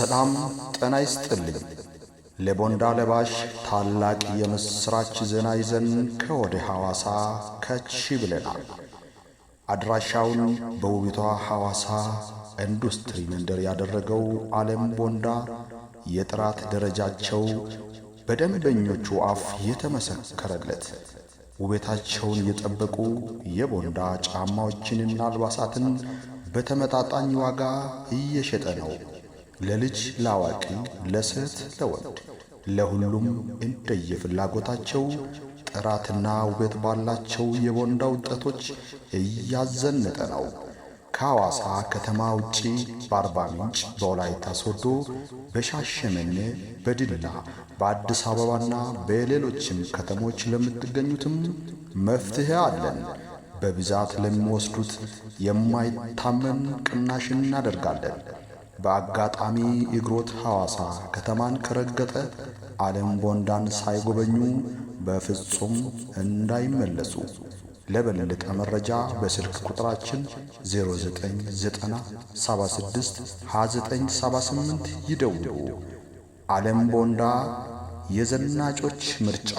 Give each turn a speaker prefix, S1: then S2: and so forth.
S1: ሰላም ጤና ይስጥልኝ። ለቦንዳ ለባሽ ታላቅ የምሥራች ዜና ይዘን ከወደ ሐዋሳ ከች ብለናል። አድራሻውን በውቢቷ ሐዋሳ ኢንዱስትሪ መንደር ያደረገው ዓለም ቦንዳ የጥራት ደረጃቸው በደንበኞቹ አፍ የተመሰከረለት ውበታቸውን የጠበቁ የቦንዳ ጫማዎችንና አልባሳትን በተመጣጣኝ ዋጋ እየሸጠ ነው። ለልጅ ለአዋቂ፣ ለሴት ለወንድ፣ ለሁሉም እንደየፍላጎታቸው ጥራትና ውበት ባላቸው የቦንዳ ውጤቶች እያዘነጠ ነው። ከሐዋሳ ከተማ ውጪ በአርባ ምንጭ፣ በወላይታ ሶዶ፣ በሻሸመኔ፣ በድላ፣ በአዲስ አበባና በሌሎችም ከተሞች ለምትገኙትም መፍትሄ አለን። በብዛት ለሚወስዱት የማይታመን ቅናሽ እናደርጋለን። በአጋጣሚ እግሮት ሐዋሳ ከተማን ከረገጠ ዓለም ቦንዳን ሳይጎበኙ በፍጹም እንዳይመለሱ። ለበለጠ መረጃ በስልክ ቁጥራችን 0997629978 ይደውሉ። ዓለም ቦንዳ የዘናጮች ምርጫ